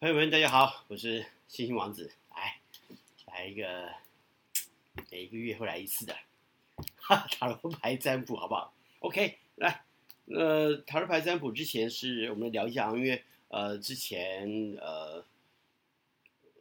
朋友們，大家好，我是星星王子，來來一個每一個月會來一次的哈，塔羅牌占卜，好不好？OK，來，呃，塔羅牌占卜之前是我們聊一下，因為呃，之前呃，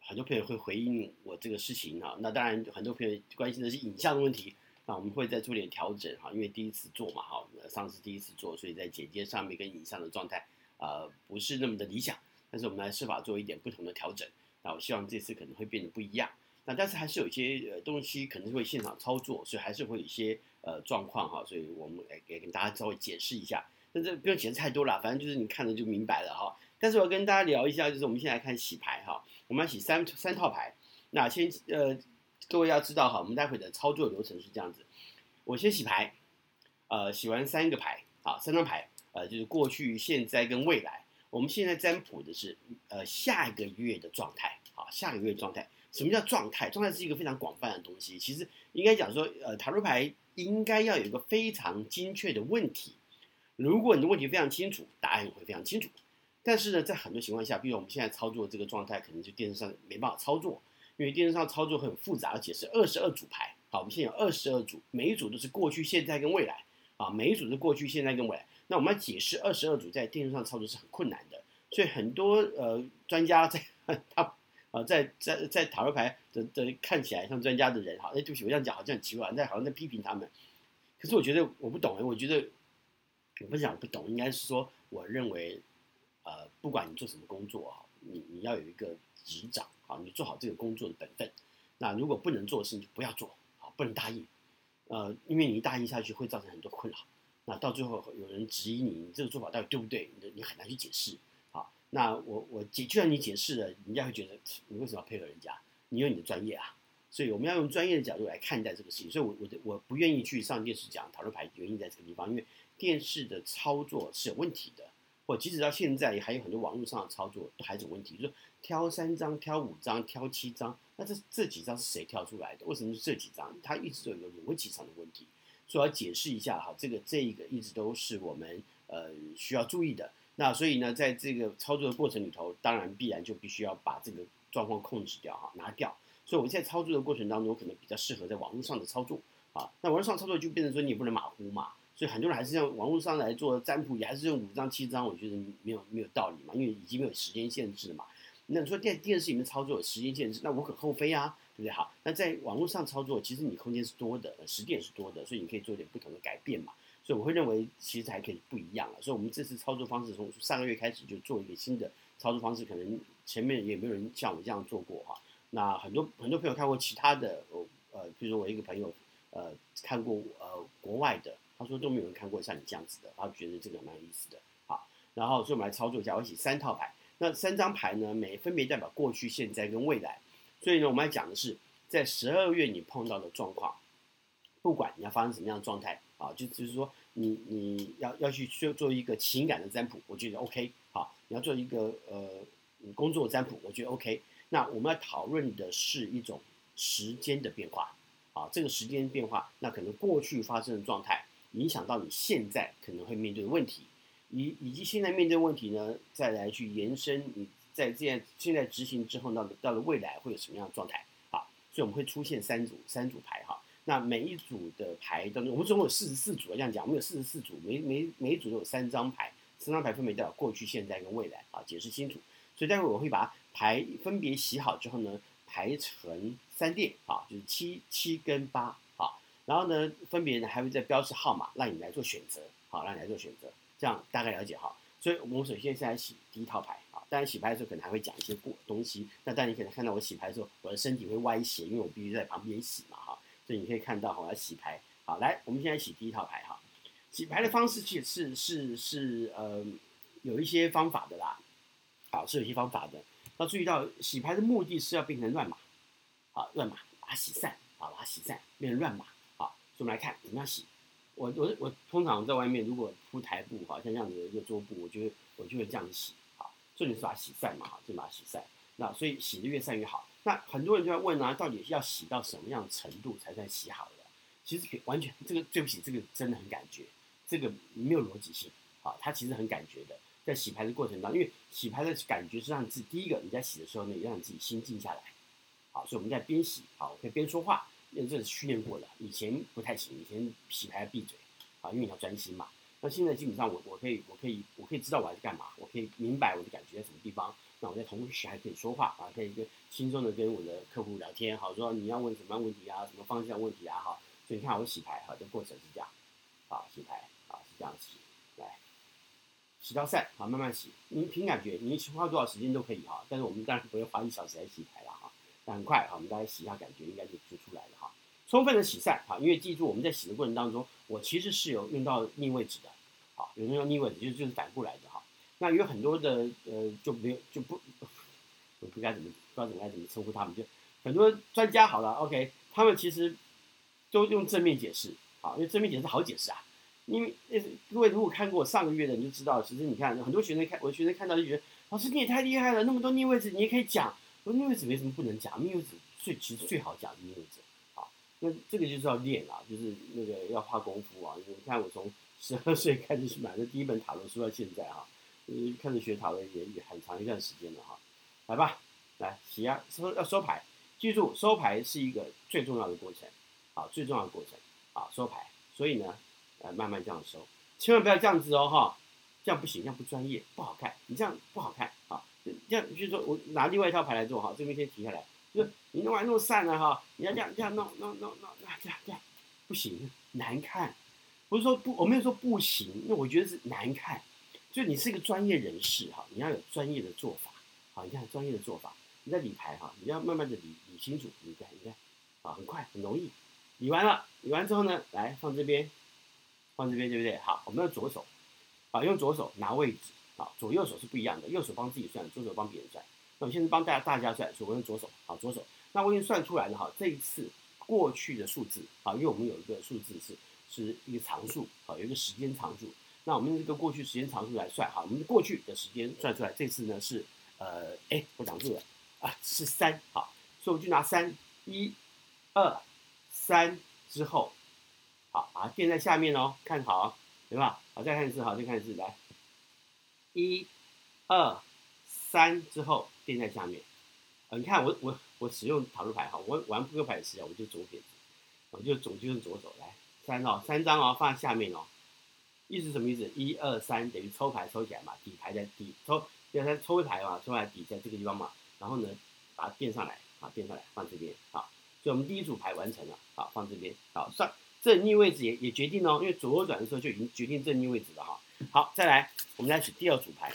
很多朋友會回應我這個事情哈、啊，那當然，很多朋友關心的是影像的問題，那、啊、我們會再做點調整哈、啊，因為第一次做嘛，哈、啊，上次第一次做，所以在剪接上面跟影像的狀態啊，不是那麼的理想。但是我們來設法做一點不同的調整，那我希望這次可能會變得不一樣。那但是還是有一些呃東西可能會現場操作，所以還是會有一些呃狀況哈，所以我們也也跟大家稍微解釋一下。但這不用解釋太多了，反正就是你看了就明白了哈、哦。但是我要跟大家聊一下，就是我們現在來看洗牌哈、哦，我們要洗三三套牌。那先呃，各位要知道哈，我們待會的操作的流程是這樣子：我先洗牌，呃，洗完三個牌啊、哦，三張牌，呃，就是過去、現在跟未來。我們現在占卜的是，呃，下一個月的狀態，好，啊，下一個月的狀態，什麼叫狀態？狀態是一個非常廣泛的東西，其實應該講說，呃，塔羅牌應該要有一個非常精確的問題。如果你的問題非常清楚，答案也會非常清楚。但是呢，在很多情況下，比如我們現在操作這個狀態，可能就電視上沒辦法操作，因為電視上操作很複雜，而且是二十二組牌。好，我們現在有二十二組，每一組都是過去、現在跟未來，啊，每一組是過去、現在跟未來。那我們要解釋二十二組在電視上操作是很困難的，所以很多呃專家在他啊、呃，在在在塔羅牌的的的看起來像專家的人哈，哎對不起，我這樣講好像很奇怪，但好像在批評他們。可是我覺得我不懂，我覺得我不想講我不懂，應該是說我認為呃不管你做什麼工作啊，你你要有一個執掌啊，你做好這個工作的本分。那如果不能做的事，你就不要做啊，不能答應，呃，因為你一答應下去會造成很多困擾。那到最後有人質疑你，你這個做法到底對不對？你你很難去解釋。好，那我我解，就算你解釋了，人家會覺得你為什麼要配合人家？你有你的專業啊。所以我們要用專業的角度來看待這個事情。所以我，我我我不願意去上電視講討論牌，原因在這個地方，因為電視的操作是有問題的。或即使到現在也還有很多網絡上的操作都還是有問題，就是、說挑三張、挑五張、挑七張，那這這幾張是誰挑出來的？為什麼是這幾張？它一直都有一個邏輯上的問題。主要解釋一下哈，這個這一個一直都是我們呃需要注意的。那所以呢，在這個操作的過程裡頭，當然必然就必須要把這個狀況控制掉哈，拿掉。所以我在操作的過程當中，可能比較適合在網絡上的操作啊。那網絡上操作就變成說你也不能馬虎嘛，所以很多人還是用網絡上來做占卜，也還是用五張七張，我覺得沒有沒有道理嘛，因為已經沒有時間限制了嘛。那你說電電視裡面操作有時間限制，那無可厚非啊。對不對？好，那在網絡上操作，其實你空間是多的，呃，時間也是多的，所以你可以做點不同的改變嘛。所以我會認為，其實還可以不一樣了。所以，我們這次操作方式從上個月開始就做一個新的操作方式，可能前面也沒有人像我這樣做過哈。那很多很多朋友看過其他的，呃，比如說我一個朋友，呃，看過呃國外的，他說都沒有人看過像你這樣子的，他覺得這個蠻有意思的。好，然後所以我們來操作一下，我洗三套牌，那三張牌呢，每分別代表過去、現在跟未來。所以呢，我們要講的是，在十二月你碰到的狀況，不管你要發生什麼樣的狀態啊，就就是說你，你你要要去做做一個情感的占卜，我覺得 OK。好，你要做一個呃你工作的占卜，我覺得 OK。那我們要討論的是一種時間的變化啊，這個時間的變化，那可能過去發生的狀態影響到你現在可能會面對的問題，以以及現在面對問題呢，再來去延伸你。在這樣現在執行之後呢，到到了未來會有什麼樣的狀態啊？所以我們會出現三組三組牌哈。那每一組的牌當中，我們總共有四十四組，這樣講，我們有四十四組，每每每一組都有三張牌，三張牌分別代表過去、現在跟未來啊，解釋清楚。所以待會我會把牌分別洗好之後呢，排成三列啊，就是七七跟八好，然後呢，分別呢還會再標示號碼，讓你來做選擇，好，讓你來做選擇，這樣大概了解哈。所以，我們首先現在洗第一套牌啊，當然洗牌的時候可能還會講一些過東西。那但你可能看到我洗牌的時候，我的身體會歪斜，因為我必須在旁邊洗嘛，哈。所以你可以看到，我要洗牌，好來，我們現在洗第一套牌，哈。洗牌的方式其實是是是呃有一些方法的啦，好，是有一些方法的。要注意到，洗牌的目的是要變成亂碼，好，亂碼，把它洗散，好，把它洗散，變成亂碼，好，所以我們來看怎麼樣洗。我我我通常在外面如果鋪台布，好像這樣子一個桌布，我就會我就會這樣洗啊，重點是把它洗曬嘛哈，就把它洗曬。那所以洗得越曬越好。那很多人就在問啊，到底要洗到什麼樣的程度才算洗好了？其實完全這個對不起，這個真的很感覺，這個沒有邏輯性啊，它其實很感覺的。在洗牌的過程當中，因為洗牌的感覺是讓你自己第一個你在洗的時候呢，讓你自己心靜下來，好，所以我們在邊洗好，我可以邊說話。因為這是訓練過的，以前不太行，以前洗牌要閉嘴啊，因為你要專心嘛。那現在基本上我，我我可以，我可以，我可以知道我要幹嘛，我可以明白我的感覺在什麼地方。那我在同時還可以說話啊，可以跟輕鬆的跟我的客戶聊天，好，說你要問什麼樣問題啊，什麼方向問題啊，好。所以你看好，我洗牌哈，這過程是這樣，洗牌啊，是這樣洗，來洗到散，好慢慢洗，你憑感覺，你花多少時間都可以哈，但是我們當然不會花一小時來洗牌了哈，但很快哈，我們大概洗一下感覺，應該就，就出來了。充分的洗曬啊，因為記住我們在洗的過程當中，我其實是有用到逆位置的，好，有人用逆位置就就是反，就是，過來的哈。那有很多的呃就沒有就不，我不該怎麼不知道怎麼該怎麼稱呼他們，就很多專家好了，OK，他們其實都用正面解釋好，因為正面解釋好解釋啊。因為各位如果看過我上個月的你就知道，其實你看很多學生看我學生看到就覺得老師你也太厲害了，那麼多逆位置你也可以講，我說逆位置為什麼不能講？逆位置最其實最好講逆位置。那這個就是要練啊，就是那個要花功夫啊。你、就是、看我從十二歲開始買的第一本塔羅書到現在、啊、就是開始學塔羅也也很長一段時間了哈、啊。來吧，來，洗、啊，收，要收牌，記住收牌是一個最重要的過程，啊，最重要的過程，啊，收牌。所以呢，呃，慢慢這樣收，千萬不要這樣子哦哈，這樣不行，這樣不專業，不好看，你這樣不好看啊。這樣就是說我拿另外一套牌來做哈，這邊先停下來。 你弄完弄散了，啊，哈，你要這樣這樣弄弄弄弄，那這樣這樣不行，難看。不是說不，我沒有說不行，因為我覺得是難看。就你是一個專業人士哈，你要有專業的做法，好，你看專業的做法。你在理牌哈，你要慢慢的理理清楚，你看你看，啊，很快很容易。理完了，理完之後呢，來放這邊，放這邊對不對？好，我們要左手，好，用左手拿位置，啊，左右手是不一樣的，右手幫自己算，左手幫別人算。那我現在幫大家大家算，所以我用左手，好，左手。那我已經算出來了，哈，這一次過去的數字，好，因為我們有一個數字是是一個常數，好，有一個時間常數。那我們用這個過去時間常數來算，哈，我們過去的時間算出來，這次呢是，呃，哎、欸，我講住了，啊，是三，好，所以我就拿三，一，二，三之後，好，把它墊在下面哦，看好、哦，對吧？好，再看一次，好，再看一次，來，一，二。三之後墊在下面，呃、你看我我我使用塔羅牌哈，我玩撲克牌的時候我就左撇子，我就總就用左手來三,三哦，三張哦放在下面哦，意思什麼意思？一二三等於抽牌抽起來嘛，底牌在底抽第二三抽一牌嘛，抽來底下這個地方嘛，然後呢把它墊上來啊，墊上來放這邊啊，所以我們第一組牌完成了啊，放這邊好，啊，算，正逆位置也也決定哦，因為左轉的時候就已經決定正逆位置了哈，啊。好，再來我們來取第二組牌，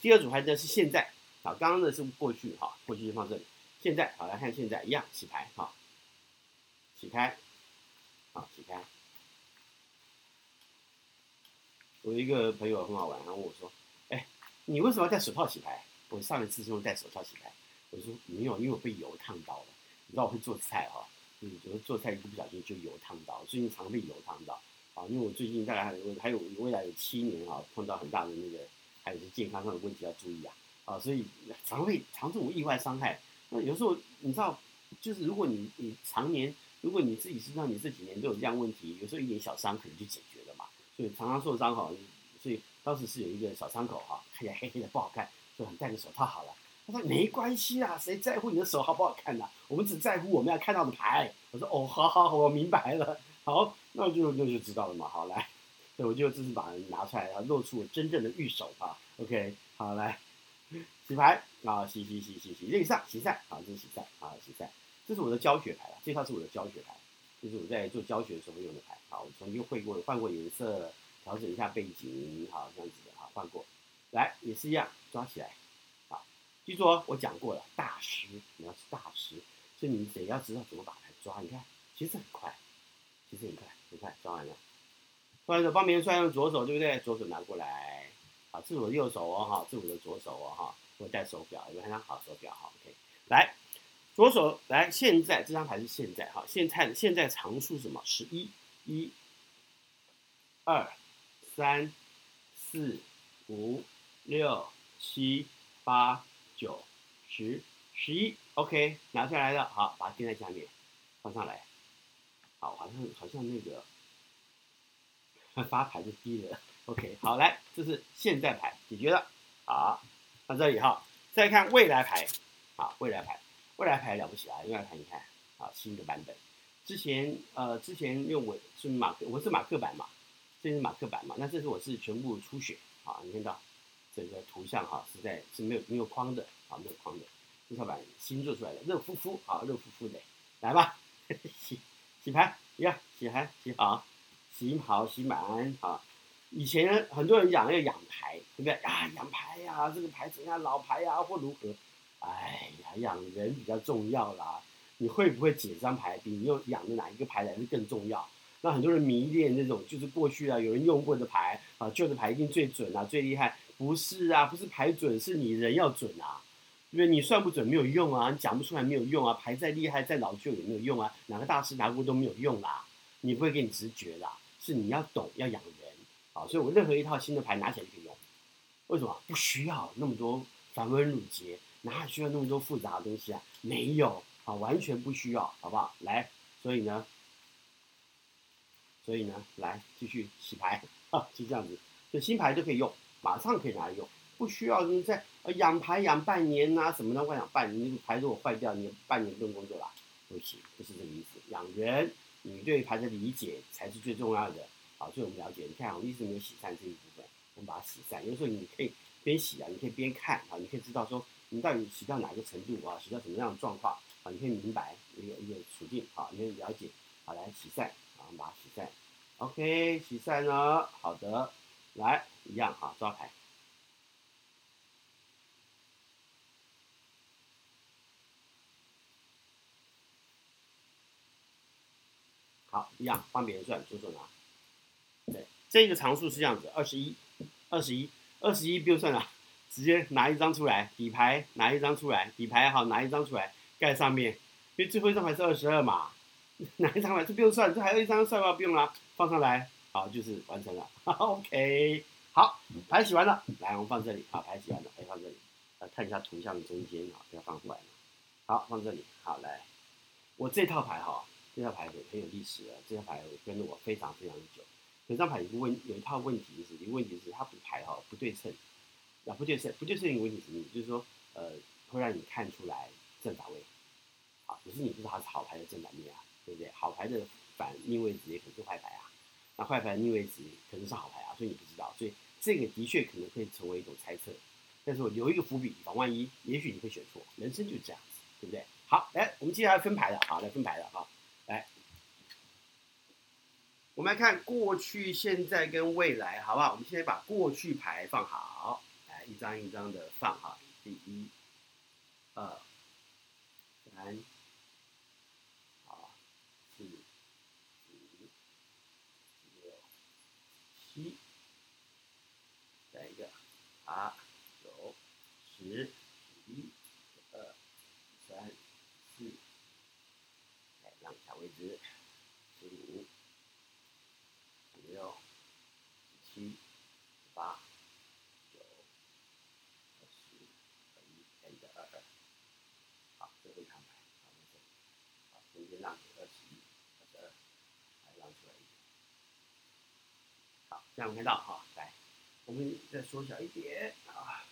第二組牌呢是現在。好，剛剛的是過去哈，過去就放這裡。現在好來看，現在一樣洗牌好，洗開，好洗開。我一個朋友很好玩，他問我說：“哎，你為什麼要戴手套洗牌？”我上一次是用戴手套洗牌，我說沒有，因為我被油燙到了。你知道我會做菜哈、哦，嗯，我說做菜一不小心就油燙到，最近常被油燙到啊，因為我最近大概還有，還有，還有未來有七年啊，碰到很大的那個，還有是健康上的問題要注意啊。啊，所以常會常這種意外傷害。那有時候你知道，就是如果你你常年，如果你自己身上，你這幾年都有這樣問題，有時候一點小傷可能就解決了嘛。所以常常受傷哈，所以當時是有一個小傷口哈、啊，看起來黑黑的不好看，所以你戴個手套好了。他說沒關係啊，誰在乎你的手好不好看呢、啊？我們只在乎我們要看到的牌。我說哦，好好好，我明白了。好，那就那就知道了嘛。好來，所以我就這次把它拿出來，然後露出我真正的玉手啊。OK，好來。洗牌啊，洗洗洗洗洗，任上洗散啊，這是洗散啊，洗散，這是我的教學牌啊，這套是我的教學牌，這是我在做教學的時候用的牌啊，我曾經會過，換過顏色，調整一下背景，好，這樣子的啊，換過來也是一樣，抓起來，啊，記住哦，我講過了，大師，你要是大師，所以你得要知道怎麼把它抓，你看，其實很快，其實很快，很快，抓完了，換手，幫別人算用左手，對不對？左手拿過來。這是我的右手哦哈，這是我的左手哦哈。我戴手表，有沒有看到好手錶哈。OK，來左手來，現在這張牌是現在哈。現在現在常數什麼？十一一，二三四五六七八九十十一。OK，拿下來了，好，把它墊在下面，放上來。好，好像好像那個發牌就低了。OK，好，來，這是現代牌解決了，好，放這裡哈、哦，再看未來牌，啊，未來牌，未來牌了不起、啊、未來，因為你看，啊，新的版本，之前呃，之前用我是馬克，我是馬克版嘛，這是馬克版嘛，那這是我是全部出血，好，你看到，整個圖像哈、啊、實在是沒有沒有框的，啊，沒有框的，這套版新做出來的，熱乎乎，啊，熱乎乎的，來吧，呵呵洗洗牌，呀，洗牌洗好，洗好洗滿，好。以前很多人講要養牌，對不對啊？養牌呀、啊，這個牌怎樣，老牌呀、啊，或如何？哎呀，養人比較重要啦。你會不會解這張牌，比你用養的哪一個牌來得更重要？那很多人迷戀那種，就是過去啊，有人用過的牌啊，舊的牌一定最準啊，最厲害。不是啊，不是牌準，是你人要準啊。因為你算不準沒有用啊，你講不出來沒有用啊。牌再厲害再老舊也沒有用啊。哪個大師拿過都沒有用啦、啊。你不會給你直覺啦，是你要懂要養。好，所以我任何一套新的牌拿起來就可以用，為什麼？不需要那麼多繁文縟節，哪有需要那麼多複雜的東西啊？沒有，啊，完全不需要，好不好？來，所以呢，所以呢，來繼續洗牌，啊，就這樣子，這新牌都可以用，馬上可以拿來用，不需要你再、呃、養牌養半年吶、啊，什麼的，我養半年，你牌如果壞掉，你有半年不用工作了，不行，不、就是這個意思，養人，你對牌的理解才是最重要的。好，最後我們了解。你看，我們一直沒有洗散這一部分，我們把它洗散。有時候你可以邊洗啊，你可以邊看啊，你可以知道說你到底洗到哪個程度啊，洗到什麼樣的狀況啊，你可以明白有一個有一個處境啊，你可以了解。好，來洗散啊，我們把它洗散。OK，洗散了，好的，來一樣啊，抓牌。好，一樣，幫別人算，出手啊這個常數是這樣子，二十一，二十一，二十一不用算了，直接拿一張出來底牌，拿一張出來底牌，好，拿一張出來蓋上面，因為最後一張牌是二十二嘛，拿一張牌這不用算，這還有一張算法不用了啊，放上來，好，就是完成了，OK，好，牌洗完了，來，我們放這裡，好，牌洗完了，來放這裡，來看一下圖像的中間，啊，不要放出來了，好，放這裡，好，來，我這套牌哈，這套牌很很有歷史了，這套牌跟我非常非常久。可張牌有個問，有一套問題，就是一個問題，是它不排不對稱，那不對稱，不對稱，不對稱一個問題是什麼？就是說，呃，會讓你看出來正反位，啊，可是你不知道它是好牌的正反面啊，對不對？好牌的反逆位置也可能是壞牌啊，那壞牌逆位置可能是好牌啊，所以你不知道，所以這個的確可能會成為一種猜測，但是我留一個伏筆，防萬一，也許你會選錯，人生就這樣子，對不對？好，來，我們接下來分牌的啊，來分牌的啊。我們來看過去、現在跟未來，好不好？我們先把過去牌放好，哎，一張一張的放好。第一、二、三，好，四、五、六、七，再一個，八九十十一。這樣有沒有看到哈，來，我們再縮小一點啊。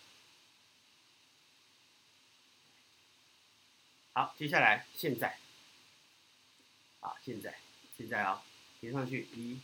好，接下來現在啊，現在現在啊，連、哦、上去一。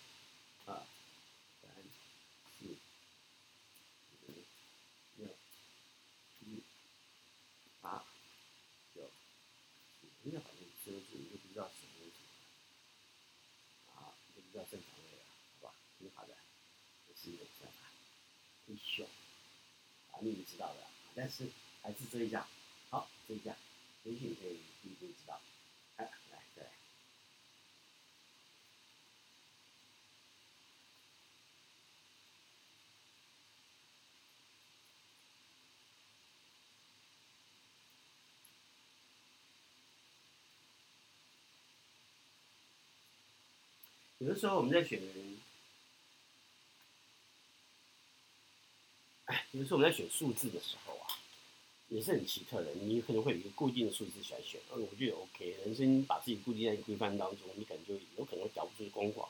你們知道的，但是還是遮一下。好，遮一下，也許你可以已經知道。哎、啊，來，對。 有的時候我們在選擇。比如說我們在選數字的時候啊，也是很奇特的。你可能會有一個固定的數字來選，那、哎、我覺得 OK。人生把自己固定在一個規範當中，你感覺有可能會找不出工作。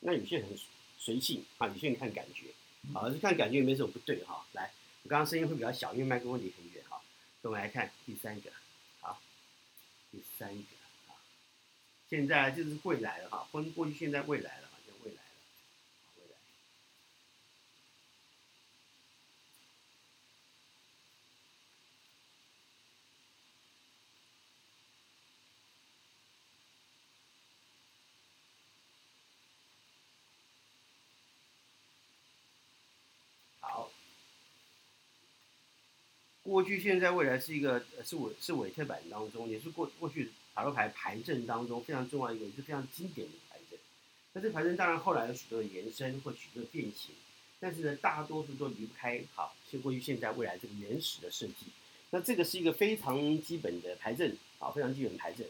那有些人很隨性啊，有些人看感覺啊，好像是看感覺也沒什麼不對哈。來，我剛剛聲音會比較小，因為麥克風離很遠哈。我們來看第三個，好，第三個啊，現在就是未來了哈，從過去現在未來了。過去、現在、未來是一個、呃、是我是韋特版當中，也是過過去塔羅牌牌陣當中非常重要一個也是非常經典的牌陣。那這牌陣當然後來有許多的延伸或許多的變形，但是呢，大多數都離不開好，是過去、現在、未來這個原始的設計。那這個是一個非常基本的牌陣啊，非常基本的牌陣。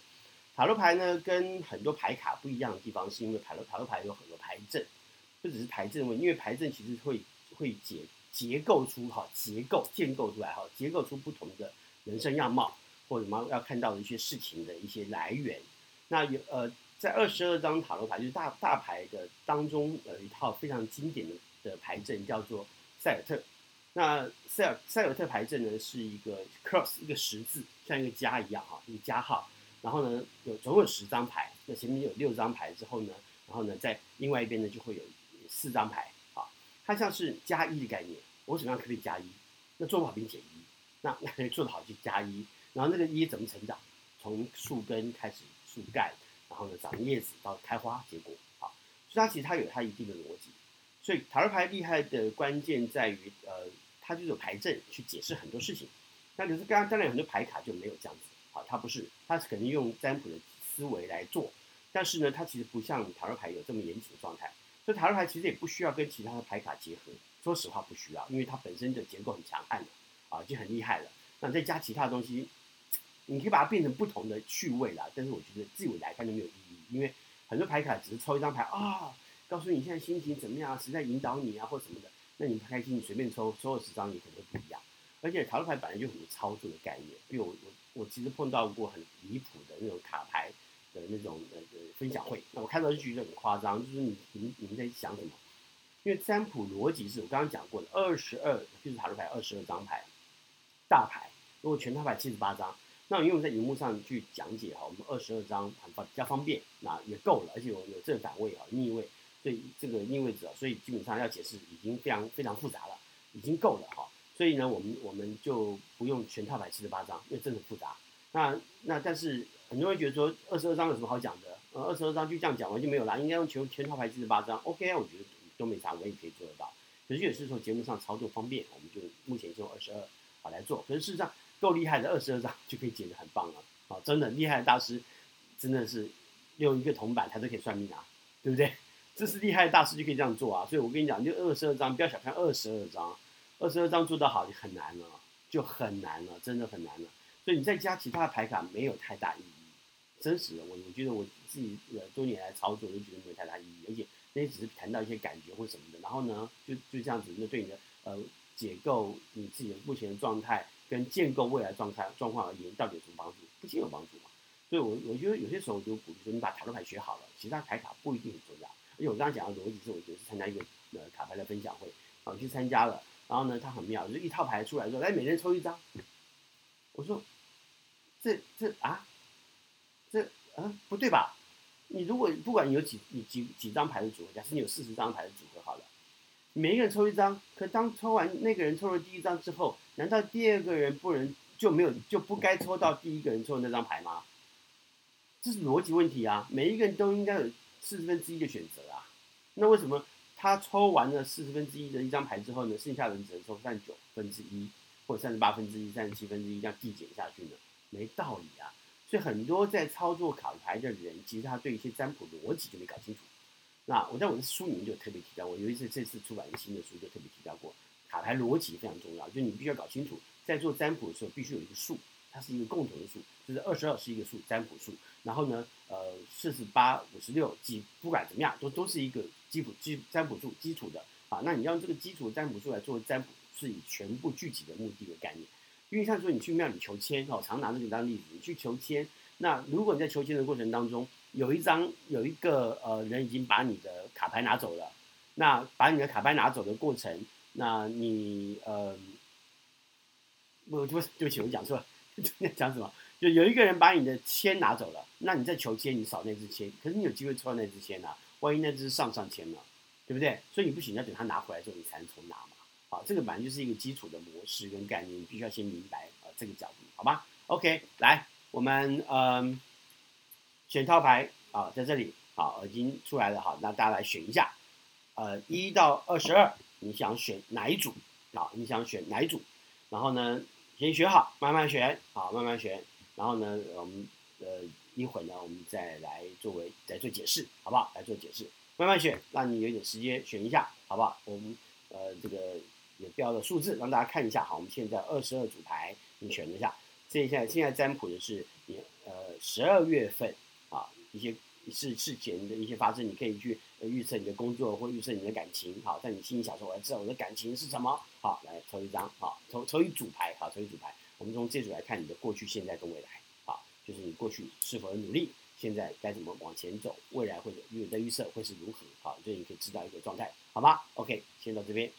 塔羅牌呢，跟很多牌卡不一樣的地方，是因為塔羅塔羅牌有很多牌陣，不只是牌陣問，因為牌陣其實會會解。結構出哈，結構建構出來哈，結構出不同的人生樣貌，或者什麼要看到的一些事情的一些來源。那有呃，在二十二張塔羅牌就是大大牌的當中，有一套非常經典的的牌陣叫做塞爾特。那塞爾塞爾特牌陣呢，是一個 cross 一個十字，像一個加一樣哈，一個加號。然後呢，有總有十張牌，那前面有六張牌之後呢，然後呢，在另外一邊呢，就會有四張牌。它像是加一的概念，我怎麼樣可以加一？那做不好並減一，那那可以做得好就加一，然後那個一怎麼成長？從樹根開始，樹幹，然後呢長葉子到開花結果，好，所以它其實它有它一定的邏輯。所以塔羅牌厲害的關鍵在於，呃，它就有牌陣去解釋很多事情。那可是剛剛那了很多牌卡就沒有這樣子，好，它不是，它是肯定用占卜的思維來做，但是呢，它其實不像塔羅牌有這麼嚴謹的狀態。所以塔羅牌其實也不需要跟其他的牌卡結合，說實話不需要，因為它本身的結構很強悍的，啊就很厲害了。那再加其他的東西，你可以把它變成不同的趣味啦。但是我覺得自我來看就沒有意義，因為很多牌卡只是抽一張牌啊，告訴你現在心情怎麼樣，誰在引導你啊或什麼的。那你不開心，你隨便抽，抽有十張你可能都不一樣。而且塔羅牌本來就很多操作的概念，比如我我其實碰到過很離譜的那種卡牌的那種呃、那個分享會，那我看到一句就覺得很誇張，就是你你，你們在想什麼？因為占卜邏輯是我剛剛講過的，二十二就是塔羅牌二十二張牌，大牌。如果全套牌七十八張，那我用在熒幕上去講解哈，我們二十二張很方比較方便，那也夠了，而且我有有正反位啊逆位，所以這個逆位者，所以基本上要解釋已經非常非常複雜了，已經夠了哈。所以呢，我們我們就不用全套牌七十八張，因為真的很複雜。那那但是。很多人覺得說，二十二張有什麼好講的？呃、嗯，二十二張就這樣講完就沒有啦。應該用全全套牌七十八張，OK？、啊、我覺得都沒啥，我也可以做得到。可是也是說節目上操作方便，我們就目前用二十二好來做。可是事實上夠厲害的二十二張就可以剪得很棒了。啊，真的厲害的大師真的是用一個銅板他都可以算命啊，對不對？這是厲害的大師就可以這樣做啊。所以我跟你講，你就二十二張不要小看二十二張，二十二張做得好就很難了，就很難了，真的很難了。所以你再加其他的牌卡沒有太大意義。真實的，我我覺得我自己呃多年來操作，我覺得沒有太大意義，而且那些只是談到一些感覺或什麼的。然後呢，就就這樣子，那對你的呃解構你自己的目前的狀態跟建構未來狀態狀況而言，到底有什麼幫助？不僅有幫助嘛。所以我，我我覺得有些時候我就比如說你把塔羅牌學好了，其他牌卡不一定很重要。因為我剛剛講到的邏輯是，我覺得是參加一個呃卡牌的分享會，我去參加了，然後呢，它很妙，就一套牌出來說，哎，每人抽一張。我說，這這啊。這啊不對吧？你如果不管你有幾你幾幾張牌的組合，假設你有四十張牌的組合，好了，每一個人抽一張，可當抽完那個人抽了第一張之後，難道第二個人不能就沒有就不該抽到第一個人抽的那張牌嗎？這是邏輯問題啊！每一個人都應該有四十分之一的選擇啊。那為什麼他抽完了四十分之一的一張牌之後呢？剩下的人只能抽三十九分之一，或者三十八分之一、三十七分之一這樣遞減下去呢？沒道理啊！所以很多在操作卡牌的人，其實他對一些占卜邏輯就沒搞清楚。那我在我的書裡面就特別提到過，尤其是這次出版新的書就特別提到過，卡牌邏輯非常重要。就你必須要搞清楚，在做占卜的時候必須有一個數，它是一個共同的數，就是二十二是一個數，占卜數。然後呢，呃，四十八、五十六，幾不管怎麼樣，都都是一個基礎基占卜數基礎的。啊，那你要用這個基礎占卜數來做占卜，是以全部具體的目的的概念。因為，像說你去廟裡求籤，哦，常拿這個當例子。你去求籤，那如果你在求籤的過程當中，有一張有一個呃人已經把你的卡牌拿走了，那把你的卡牌拿走的過程，那你呃，我對不起，我講錯了，講什麼？就有一個人把你的籤拿走了，那你在求籤，你掃那支籤，可是你有機會抽到那支籤啊，萬一那支是上上籤嘛，對不對？所以你不行，你要等他拿回來之後，你才能重拿嘛。好，這個本來就是一個基礎的模式跟概念，你必須要先明白啊、呃，這個角度，好吧？OK，來，我們嗯、呃，選套牌啊，在這裡，好，已經出來了哈，那大家來選一下，呃，一到二十二，你想選哪一組？啊，你想選哪一組？然後呢，先選好，慢慢選，好，慢慢選，然後呢，我們呃，一會呢，我們再來作為來做解釋，好不好？來做解釋，慢慢選，讓你有點時間選一下，好不好？我們、嗯、呃，這個。有標的數字，讓大家看一下。好，我們現在二十二組牌，你選擇一下。這一下現在占卜的是你呃，十二月份啊，一些事事件的一些發生，你可以去預測你的工作或預測你的感情。好，在你心裡想說，我要知道我的感情是什麼。好，來抽一張，好，抽抽一組牌，好，抽一組牌。我們從這組來看你的過去、現在跟未來。好，就是你過去是否很努力，現在該怎麼往前走，未來或者預的預測會是如何。好，所以你可以知道一個狀態，好吧？OK，先到這邊。